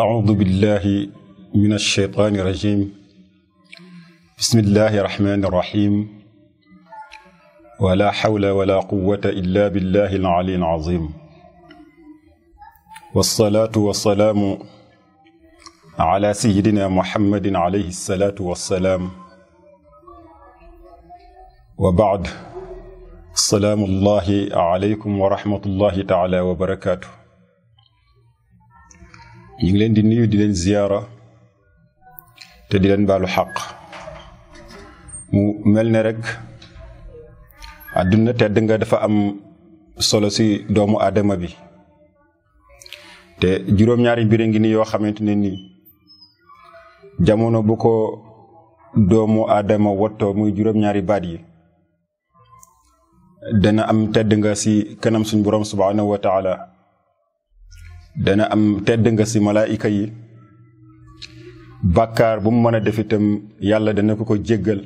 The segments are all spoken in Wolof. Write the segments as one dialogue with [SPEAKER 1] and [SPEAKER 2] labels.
[SPEAKER 1] أعوذ بالله من الشيطان الرجيم بسم الله الرحمن الرحيم ولا حول ولا قوة إلا بالله العلي العظيم والصلاة والسلام على سيدنا محمد عليه الصلاة والسلام وبعد السلام الله عليكم ورحمة الله تعالى وبركاته ñu ngi leen di nuyu di leen ziyaara te di leen baalu xaq mu mel ne rek àdduna tedd nga dafa am solo si doomu aadama bi te juróom-ñaari mbir ngi ni yoo xamante ne ni jamono bu ko doomu aadama wottoo muy juróom-ñaari baat yi dana am tedd nga si kanam suñ boroom subhanahu wa taala dana am tedd nga si malaayika yi bàkkaar bu mu mën a def itam yàlla dana ko ko jéggal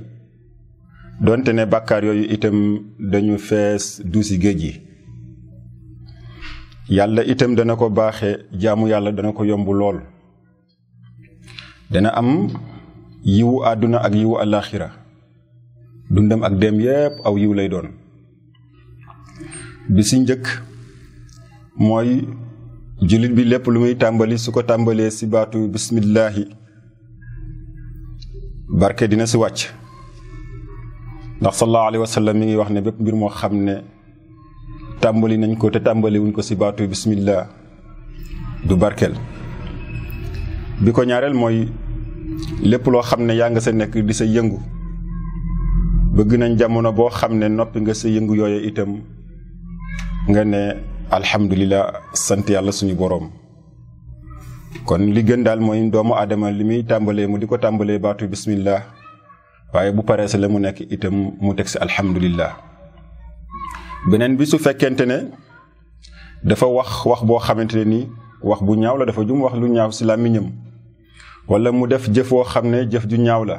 [SPEAKER 1] doonte ne bàkkaar yooyu itam dañu fees duusi géej yi yàlla itam dana ko baaxe jaamu yàlla dana ko yomb lool dana am yiwu àdduna ak yiwu àllaaxira dundam ak dem yépp aw yiw lay doon bi si njëkk mooy jullit bi lépp lu muy tàmbali su ko tàmbalee si baatu bismillaahi barke dina si wàcc ndax sallallahu alayhi wa mi ngi wax ne bépp mbir moo xam ne tàmbali nañ ko te tàmbali wuñ ko si baatu bismillah du barkeel bi ko ñaareel mooy lépp loo xam ne yaa nga sa nekk di sa yëngu bëgg nañ jamono boo xam ne noppi nga sa yëngu yooye itam nga ne alhamdulilah sant yàlla suñu boroom kon li gën daal mooy doomu aadama li muy tàmbalee mu di ko tàmbalee baatu bismillah waaye bu paree sa la mu nekk itam mu teg si alhamdulilah beneen bi su fekkente ne dafa wax wax boo xamante ne ni wax bu ñaaw la dafa jum wax lu ñaaw si làmmiñam walla mu def jëf woo xam ne jëf ju ñaaw la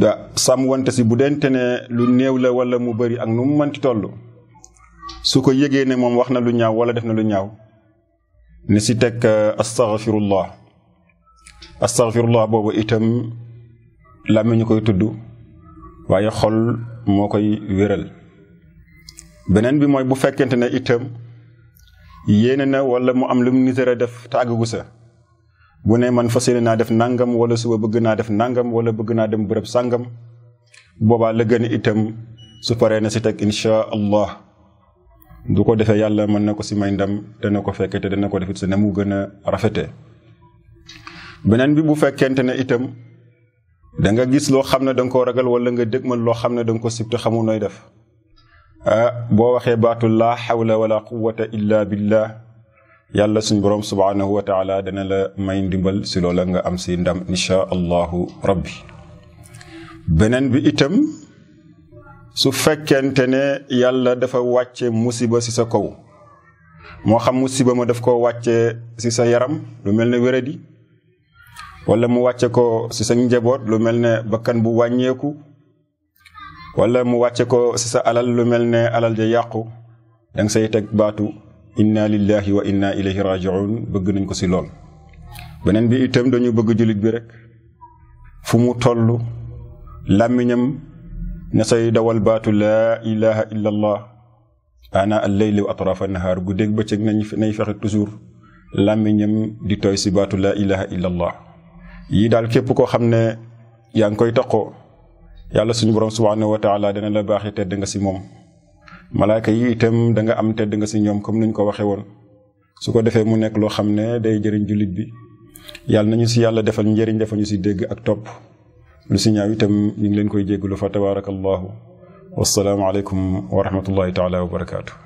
[SPEAKER 1] da sàmm wante si bu dente ne lu néew la wala mu bari ak nu mu mënti toll su ko yëgee ne moom wax na lu ñaaw wala def na lu ñaaw ne si teg euh, astaghfirullah astaghfirullah boobu itam làmmiñ ñu koy tudd waaye xol moo koy wéral beneen bi mooy bu fekkente ne itam yéene na wala mu am lu mu nitéra def te àggagu sa bu ne man fas yéene naa def nangam wala suba bëgg naa def nangam wala bëgg naa dem bërëb sàngam boobaa la gën itam su paree na si teg insha allah du ko defee yàlla man nako ci may ndam dana nako fekke te dana ko defit ci namu gëna rafété benen bi bu fekkente ne itam da nga gis lo xamné ne da nga ko ragal wala nga dëgmal lo xamné ne da nga ko sipté xamu noy nooy def boo waxee baatu laa hawla wala quwwata illa billah yàlla suñu borom subhanahu wa taala dana la may ndimbal si loola nga am ci ndam insha allah rabbi benen bi itam su fekkente ne yàlla dafa wàcce musiba ci sa kaw moo xam musiba ma def ko wàcce ci sa yaram lu mel ne wéradi wala mu wàcce ko ci sa njaboot lu mel ne bakkan bu wàññeeku walla mu wàcce ko ci sa alal lu mel ne alal ja yàqu danga say teg baatu inna lillahi wa inna ilayhi rajiun bëgg nañ ko ci lool beneen bi itam dañu bëgg jullit bi rek fu mu toll làmmiñam ne say dawal baatu laa ilaha illa allah ana al leyli wa atrafa nahaar guddeeg bëccëg nañ nay fexe toujours làmmiñam di tooy si baatu laa ilaha illa yii daal képp koo xam ne yaa ngi koy taqoo yàlla suñu borom subhanahu wa taala dana la baaxee tedd nga si moom malaaka yi itam danga nga am tedd nga si ñoom comme nuñ ko waxee woon su ko defee mu nekk loo xam ne day jëriñ jullit bi yàlla nañu si yàlla defal njëriñ defal ñu si dégg ak topp lu si ñaaw itam ñu ngi leen koy jéggalu fa tabaarakallahu wassalaamu aleykum wa rahmatullahi taala wa barakaatu